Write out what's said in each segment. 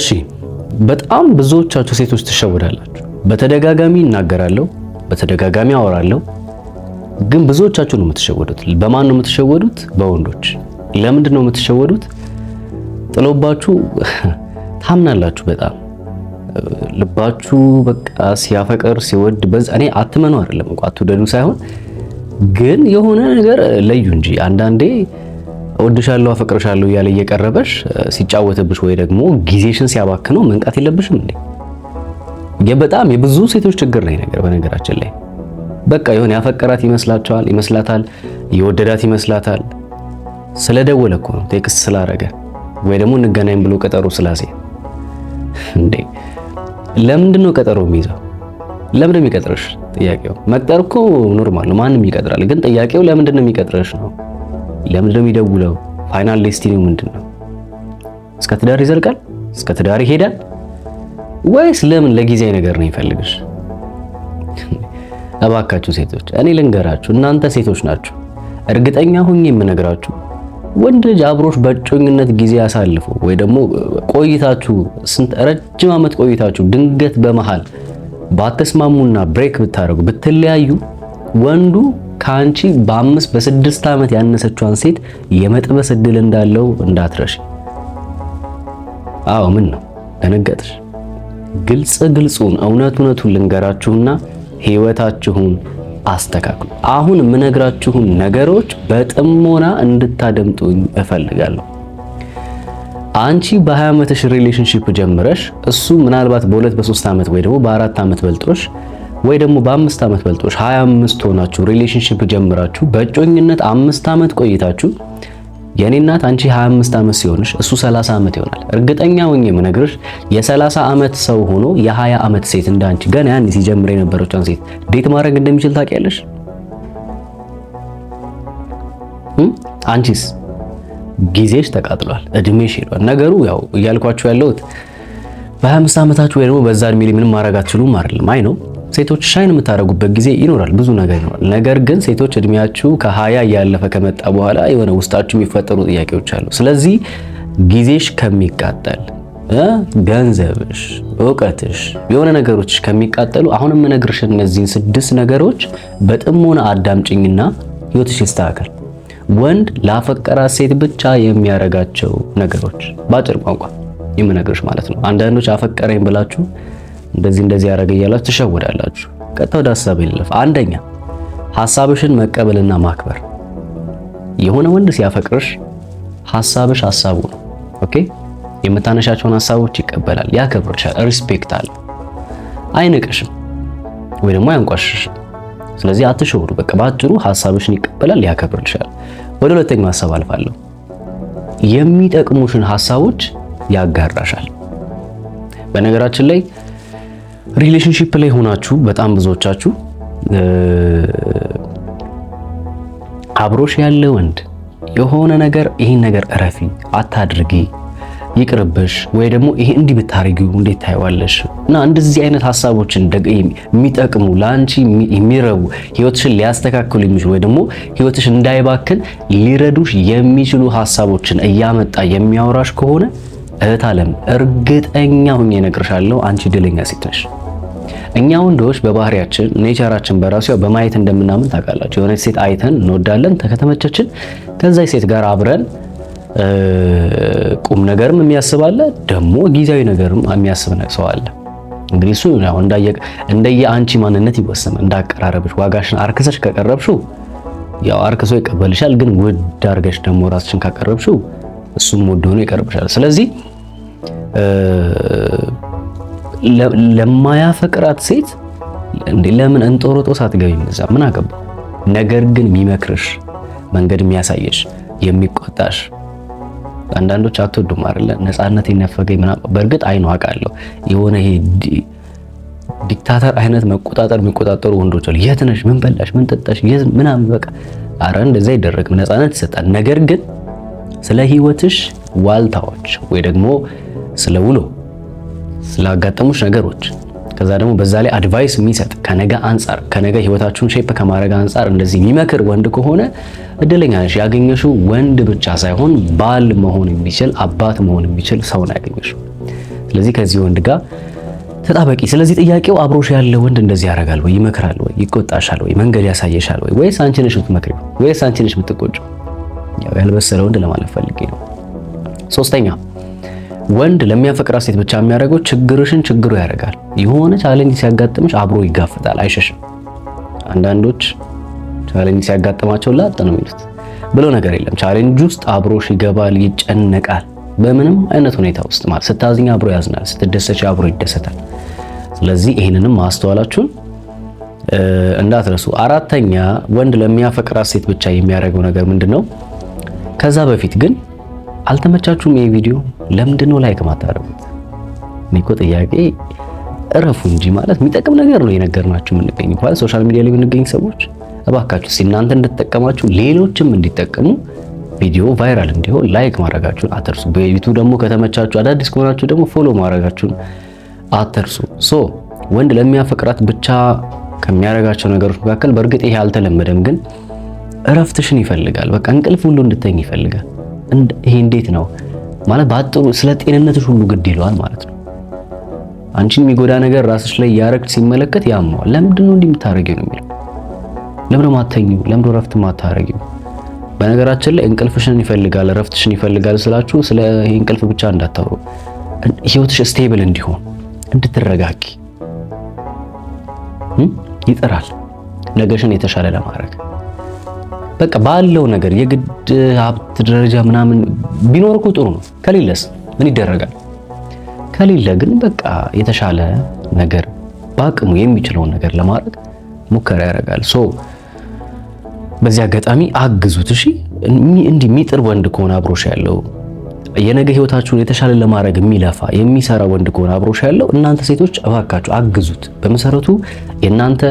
እሺ በጣም ብዙዎቻችሁ ሴቶች ትሸወዳላችሁ። በተደጋጋሚ እናገራለሁ፣ በተደጋጋሚ አወራለሁ፣ ግን ብዙዎቻችሁ ነው የምትሸወዱት። በማን ነው የምትሸወዱት? በወንዶች። ለምንድን ነው የምትሸወዱት? ጥሎባችሁ ታምናላችሁ። በጣም ልባችሁ በቃ ሲያፈቅር ሲወድ በዛ እኔ አትመኑ አይደለም እንኳን አትውደዱ ሳይሆን ግን የሆነ ነገር ለዩ እንጂ አንዳንዴ እወድሻለሁ አፈቅርሻለሁ እያለ እየቀረበሽ ሲጫወትብሽ ወይ ደግሞ ጊዜሽን ሲያባክነው መንቃት የለብሽም እንዴ? የበጣም የብዙ ሴቶች ችግር ነው ነገር በነገራችን ላይ በቃ የሆነ ያፈቀራት ይመስላቸዋል ይመስላታል የወደዳት ይመስላታል። ስለደወለ እኮ ነው ቴክስት ስላረገ ወይ ደግሞ እንገናኝ ብሎ ቀጠሮ ስላሴ እንዴ ለምንድን ነው ቀጠሮ የሚይዘው? ለምንድን ነው የሚቀጥርሽ? ጥያቄው መቅጠር እኮ ኖርማል ነው፣ ማንም ይቀጥራል። ግን ጥያቄው ለምንድን ነው የሚቀጥርሽ ነው። ለምንድን ነው የሚደውለው? ፋይናል ዴስቲኒው ምንድን ነው? እስከ ትዳር ይዘልቃል? እስከ ትዳር ይሄዳል? ወይስ ለምን ለጊዜያዊ ነገር ነው የሚፈልግሽ? እባካችሁ ሴቶች፣ እኔ ልንገራችሁ፣ እናንተ ሴቶች ናችሁ። እርግጠኛ ሁኝ የምነግራችሁ ወንድ ልጅ አብሮሽ በእጮኝነት ጊዜ አሳልፎ ወይ ደግሞ ቆይታችሁ ስንት ረጅም ዓመት ቆይታችሁ ድንገት በመሃል ባትስማሙና ብሬክ ብታደርጉ ብትለያዩ ወንዱ ከአንቺ በአምስት በስድስት ዓመት ያነሰችዋን ሴት የመጥበስ እድል እንዳለው እንዳትረሽ። አዎ ምን ነው ደነገጥሽ? ግልጽ ግልጹን እውነት እውነቱን ልንገራችሁና ህይወታችሁን አስተካክሉ። አሁን የምነግራችሁን ነገሮች በጥሞና እንድታደምጡኝ እፈልጋለሁ። አንቺ በ20 ዓመትሽ ሪሌሽንሺፕ ጀምረሽ እሱ ምናልባት በሁለት በሶስት ዓመት ወይ ደግሞ በአራት ዓመት በልጦሽ ወይ ደግሞ በአምስት ዓመት በልጦሽ 25 ሆናችሁ ሪሌሽንሽፕ ጀምራችሁ በእጮኝነት አምስት ዓመት ቆይታችሁ የኔ እናት አንቺ 25 ዓመት ሲሆንሽ እሱ 30 ዓመት ይሆናል። እርግጠኛ ሆኜ የምነግርሽ የ30 ዓመት ሰው ሆኖ የ20 ዓመት ሴት እንዳንቺ ገና ያን ሲጀምር የነበረችን ሴት ዴት ማድረግ እንደሚችል ታውቂያለሽ? አንቺስ ጊዜሽ ተቃጥሏል፣ እድሜሽ ሄዷል። ነገሩ ያው እያልኳችሁ ያለሁት በ25 ዓመታችሁ ወይ ደግሞ በዛ እድሜ ላይ ምንም ማድረግ አትችሉም አይደለም። አይ ነው ሴቶች ሻይን የምታደርጉበት ጊዜ ይኖራል፣ ብዙ ነገር ይኖራል። ነገር ግን ሴቶች እድሜያችሁ ከሀያ እያለፈ ከመጣ በኋላ የሆነ ውስጣችሁ የሚፈጠሩ ጥያቄዎች አሉ። ስለዚህ ጊዜሽ ከሚቃጠል ገንዘብሽ፣ እውቀትሽ፣ የሆነ ነገሮች ከሚቃጠሉ አሁን የምነግርሽ እነዚህን ስድስት ነገሮች በጥሞና አዳምጭኝና ህይወትሽ ይስተካከል። ወንድ ላፈቀራት ሴት ብቻ የሚያረጋቸው ነገሮች በአጭር ቋንቋ የምነግርሽ ማለት ነው። አንዳንዶች አፈቀረኝ ብላችሁ እንደዚህ እንደዚህ ያደረገ እያላችሁ ትሸውዳላችሁ። ቀጥታ ወደ ሀሳብ ይለፍ። አንደኛ ሀሳብሽን መቀበልና ማክበር። የሆነ ወንድ ሲያፈቅርሽ ሀሳብሽ ሀሳቡ ነው። ኦኬ የምታነሻቸውን ሀሳቦች ይቀበላል፣ ያከብርሻል፣ ሪስፔክት አለ፣ አይንቅሽም ወይ ደግሞ አያንቋሽሽም። ስለዚህ አትሸውዱ። በቃ ባጭሩ ሀሳብሽን ይቀበላል፣ ያከብርልሻል። ወደ ሁለተኛው ሀሳብ አልፋለሁ። የሚጠቅሙሽን ሀሳቦች ያጋራሻል። በነገራችን ላይ ሪሌሽንሺፕ ላይ ሆናችሁ በጣም ብዙዎቻችሁ አብሮሽ ያለ ወንድ የሆነ ነገር ይህን ነገር እረፊ፣ አታድርጊ፣ ይቅርብሽ ወይ ደግሞ ይሄ እንዲህ ብታረጊው እንዴት ታይዋለሽ? እና እንደዚህ አይነት ሀሳቦችን የሚጠቅሙ ለአንቺ የሚረቡ ህይወትሽን ሊያስተካክሉ የሚችሉ ወይ ደግሞ ህይወትሽ እንዳይባክን ሊረዱሽ የሚችሉ ሀሳቦችን እያመጣ የሚያወራሽ ከሆነ እህት ዓለም እርግጠኛ ሁኜ እነግርሻለሁ፣ አንቺ ድለኛ ሴት ነሽ። እኛ ወንዶች በባህሪያችን ኔቸራችን በራሱ ያው በማየት እንደምናምን ታውቃላችሁ። የሆነች ሴት አይተን እንወዳለን፣ ከተመቸችን ከዛ ሴት ጋር አብረን ቁም ነገርም የሚያስባለ ደግሞ ጊዜያዊ ነገርም የሚያስብ ሰው አለ። እንግዲህ እሱ እንደየ አንቺ ማንነት ይወሰን፣ እንዳቀራረብሽ ዋጋሽን አርክሰሽ ከቀረብሽው ያው አርክሶ ይቀበልሻል። ግን ውድ አርገሽ ደግሞ ራስሽን ካቀረብሽው እሱም ውድ ሆኖ ይቀርብሻል። ስለዚህ ለማያፈቅራት ሴት እንዴ ለምን እንጦሮጦስ አትገቢም? እዛ ምን አገባ? ነገር ግን የሚመክርሽ መንገድ የሚያሳየሽ የሚቆጣሽ አንዳንዶች አትወዱም አይደለ? ነፃነት የነፈገኝ ምናምን። በእርግጥ አይ ነው አውቃለሁ። የሆነ ይሄ ዲክታተር አይነት መቆጣጠር የሚቆጣጠሩ ወንዶች አሉ። የት ነሽ? ምን በላሽ? ምን ጠጣሽ? የት ምናምን በቃ አረ እንደዛ አይደረግም። ነፃነት ይሰጣል። ነገር ግን ስለ ህይወትሽ ዋልታዎች ወይ ደግሞ ስለ ውሎ፣ ስላጋጠሙሽ ነገሮች ከዛ ደግሞ በዛ ላይ አድቫይስ የሚሰጥ ከነገ አንጻር ከነገ ህይወታችሁን ሼፕ ከማድረግ አንጻር እንደዚህ የሚመክር ወንድ ከሆነ እድለኛ ነሽ። ያገኘሽው ወንድ ብቻ ሳይሆን ባል መሆን የሚችል አባት መሆን የሚችል ሰው ነው ያገኘሽው። ስለዚህ ከዚህ ወንድ ጋር ተጣበቂ። ስለዚህ ጥያቄው አብሮሽ ያለ ወንድ እንደዚህ ያደርጋል ወይ? ይመክራል ወይ? ይቆጣሻል ወይ? መንገድ ያሳየሻል ወይ? ወይስ አንቺ ነሽ የምትመክሪው? ወይስ አንቺ ነሽ የምትቆጪው? ያው ያልበሰለ ወንድ ለማለት ፈልጌ ነው። ሶስተኛ ወንድ ለሚያፈቅራት ሴት ብቻ የሚያደርገው ችግርሽን ችግሩ ያደርጋል። የሆነ ቻሌንጅ ሲያጋጥምሽ አብሮ ይጋፈጣል፣ አይሸሽም። አንዳንዶች ቻሌንጅ ሲያጋጥማቸው ላጥ ነው የሚሉት ብለው ነገር የለም። ቻሌንጅ ውስጥ አብሮሽ ይገባል፣ ይጨነቃል። በምንም አይነት ሁኔታ ውስጥ ማለት ስታዝኝ አብሮ ያዝናል፣ ስትደሰች አብሮ ይደሰታል። ስለዚህ ይህንንም ማስተዋላችሁን እንዳትረሱ። አራተኛ ወንድ ለሚያፈቅራት ሴት ብቻ የሚያደርገው ነገር ምንድን ነው? ከዛ በፊት ግን አልተመቻችሁም? ይሄ ቪዲዮ ለምንድን ነው ላይክ ማታደርጉት? እኔ እኮ ጥያቄ እረፉ እንጂ ማለት የሚጠቅም ነገር ነው የነገርናችሁ የምንገኝ እንኳን ሶሻል ሚዲያ ላይ የምንገኝ ሰዎች እባካችሁ እናንተ እንድትጠቀማችሁ ሌሎችም እንዲጠቀሙ ቪዲዮ ቫይራል እንዲሆን ላይክ ማድረጋችሁን አትርሱ። በዩቲዩብ ደግሞ ከተመቻችሁ አዳዲስ ከሆናችሁ ደግሞ ፎሎ ማድረጋችሁን አትርሱ። ሶ ወንድ ለሚያፈቅራት ብቻ ከሚያደርጋቸው ነገሮች መካከል በእርግጥ ይሄ አልተለመደም፣ ግን እረፍትሽን ይፈልጋል። በቃ እንቅልፍ ሁሉ እንድተኝ ይፈልጋል። ይሄ እንዴት ነው ማለት በአጥሩ ስለ ጤንነትሽ ሁሉ ግድ ይለዋል ማለት ነው። አንቺን የሚጎዳ ነገር ራስሽ ላይ ያረግት ሲመለከት ያመዋል። ለምንድን ነው እንዲህ የምታረጊው ነው የሚለው። ለምን ማተኙ ለምን ረፍት ማታረጊው? በነገራችን ላይ እንቅልፍሽን ይፈልጋል ረፍትሽን ይፈልጋል ስላችሁ ስለ እንቅልፍ ብቻ እንዳታወሩ። ህይወትሽ ስቴብል እንዲሆን እንድትረጋጊ ይጥራል ነገሽን የተሻለ ለማድረግ በቃ ባለው ነገር የግድ ሀብት ደረጃ ምናምን ቢኖር እኮ ጥሩ ነው። ከሌለስ ምን ይደረጋል? ከሌለ ግን በቃ የተሻለ ነገር በአቅሙ የሚችለውን ነገር ለማድረግ ሙከራ ያደርጋል። ሶ በዚህ አጋጣሚ አግዙት። እሺ እንዲህ የሚጥር ወንድ ከሆነ አብሮሽ ያለው የነገ ህይወታችሁን የተሻለ ለማድረግ የሚለፋ የሚሰራ ወንድ ከሆነ አብሮሽ ያለው እናንተ ሴቶች እባካችሁ አግዙት። በመሰረቱ የእናንተ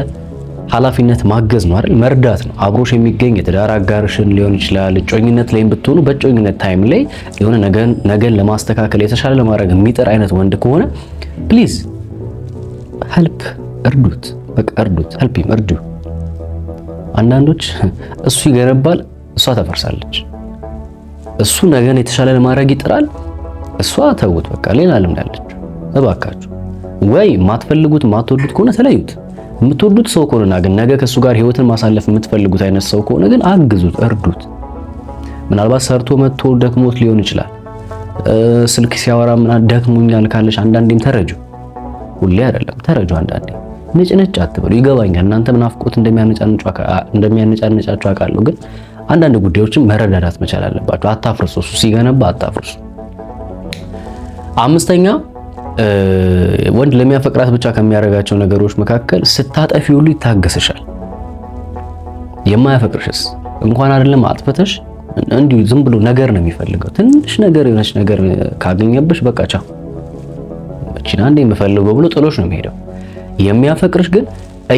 ኃላፊነት ማገዝ ነው አይደል? መርዳት ነው። አብሮሽ የሚገኝ የትዳር አጋርሽን ሊሆን ይችላል። እጮኝነት ላይ ብትሆኑ በእጮኝነት ታይም ላይ የሆነ ነገን ለማስተካከል የተሻለ ለማድረግ የሚጥር አይነት ወንድ ከሆነ ፕሊዝ ሄልፕ እርዱት፣ በቃ እርዱት፣ ሄልፕም እርዱ። አንዳንዶች እሱ ይገነባል፣ እሷ ተፈርሳለች። እሱ ነገን የተሻለ ለማድረግ ይጥራል፣ እሷ ተውት፣ በቃ ሌላ ዓለም አለች። እባካችሁ ወይ ማትፈልጉት ማትወዱት ከሆነ ተለዩት። የምትወዱት ሰው ከሆነና ግን ነገ ከሱ ጋር ህይወትን ማሳለፍ የምትፈልጉት አይነት ሰው ከሆነ ግን አግዙት፣ እርዱት። ምናልባት ሰርቶ መጥቶ ደክሞት ሊሆን ይችላል። ስልክ ሲያወራ ምናምን ደክሞኛል ካለሽ አንዳንዴም ተረጁ። ሁሌ አይደለም ተረጁ። አንዳንዴ ነጭ አትበሉ። ይገባኛል እናንተ ምናፍቆት እንደሚያነጫንጫችሁ አውቃለሁ፣ ግን አንዳንድ ጉዳዮችን መረዳዳት መቻል አለባችሁ። አታፍርሱ። እሱ ሲገነባ አታፍርሱ። አምስተኛ ወንድ ለሚያፈቅራት ብቻ ከሚያደርጋቸው ነገሮች መካከል ስታጠፊ ሁሉ ይታገስሻል። የማያፈቅርሽስ እንኳን አይደለም አጥፍተሽ እንዲሁ ዝም ብሎ ነገር ነው የሚፈልገው። ትንሽ ነገር የሆነች ነገር ካገኘብሽ በቃ ቻው መኪና እንደ የምፈልገው ብሎ ጥሎሽ ነው የሚሄደው። የሚያፈቅርሽ ግን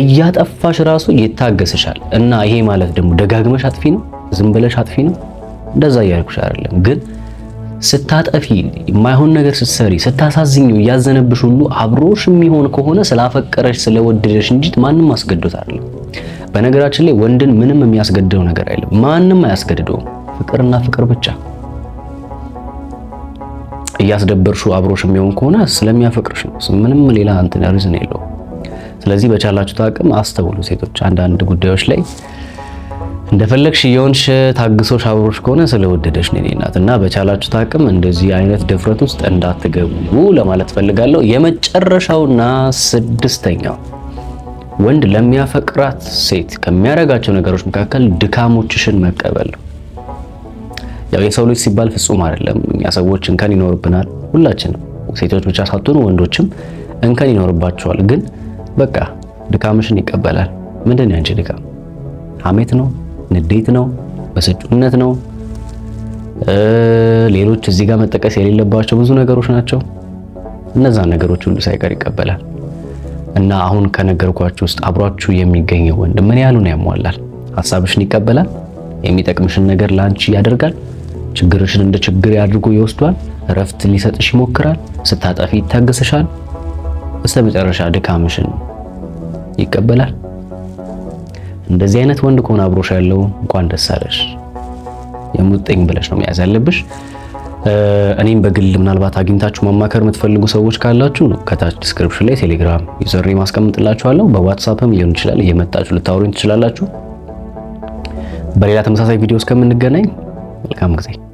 እያጠፋሽ ራሱ ይታገስሻል። እና ይሄ ማለት ደግሞ ደጋግመሽ አጥፊ ነው፣ ዝም ብለሽ አጥፊ ነው፣ እንደዛ እያልኩሽ አይደለም ግን ስታጠፊ የማይሆን ነገር ስትሰሪ ስታሳዝኝ፣ እያዘነብሽ ሁሉ አብሮሽ የሚሆን ከሆነ ስላፈቀረሽ ስለወደደሽ እንጂ ማንም አስገድዶት አይደለም። በነገራችን ላይ ወንድን ምንም የሚያስገድደው ነገር አይደለም። ማንም አያስገድደውም። ፍቅርና ፍቅር ብቻ። እያስደበርሹ አብሮሽ የሚሆን ከሆነ ስለሚያፈቅርሽ ነው። ምንም ሌላ እንትን ሪዝን የለውም። ስለዚህ በቻላችሁት አቅም አስተውሉ ሴቶች አንዳንድ ጉዳዮች ላይ እንደፈለግሽ እየሆንሽ ታግሶሽ አብሮሽ ከሆነ ስለወደደሽ ነው እናት እና በቻላችሁ ታቅም እንደዚህ አይነት ድፍረት ውስጥ እንዳትገቡ ለማለት ፈልጋለሁ። የመጨረሻውና ስድስተኛው ወንድ ለሚያፈቅራት ሴት ከሚያደርጋቸው ነገሮች መካከል ድካሞችሽን መቀበል ያው የሰው ልጅ ሲባል ፍጹም አይደለም። እኛ ሰዎች እንከን ይኖርብናል። ሁላችንም ሴቶች ብቻ ሳትሆኑ ወንዶችም እንከን ይኖርባቸዋል። ግን በቃ ድካምሽን ይቀበላል። ምንድን ያንቺ ድካም? አሜት ነው ንዴት ነው፣ በስጩነት ነው። ሌሎች እዚህ ጋር መጠቀስ የሌለባቸው ብዙ ነገሮች ናቸው። እነዛ ነገሮች ሁሉ ሳይቀር ይቀበላል እና አሁን ከነገርኳችሁ ውስጥ አብሯችሁ የሚገኘው ወንድ ምን ያህሉን ያሟላል? ሀሳብሽን ይቀበላል፣ የሚጠቅምሽን ነገር ለአንቺ ያደርጋል፣ ችግርሽን እንደ ችግር አድርጎ ይወስዷል፣ እረፍት ሊሰጥሽ ይሞክራል፣ ስታጠፊ ይታገስሻል፣ በስተመጨረሻ ድካምሽን ይቀበላል። እንደዚህ አይነት ወንድ ከሆነ አብሮሽ ያለው እንኳን ደስ አለሽ የሙጥኝ ብለሽ ነው መያዝ ያለብሽ። እኔም በግል ምናልባት አግኝታችሁ ማማከር የምትፈልጉ ሰዎች ካላችሁ ከታች ዲስክሪፕሽን ላይ ቴሌግራም ዩዘር ማስቀምጥላችኋለሁ። በዋትሳፕም ሊሆን ይችላል እየመጣችሁ ልታወሩኝ ትችላላችሁ። በሌላ ተመሳሳይ ቪዲዮ እስከምንገናኝ መልካም ጊዜ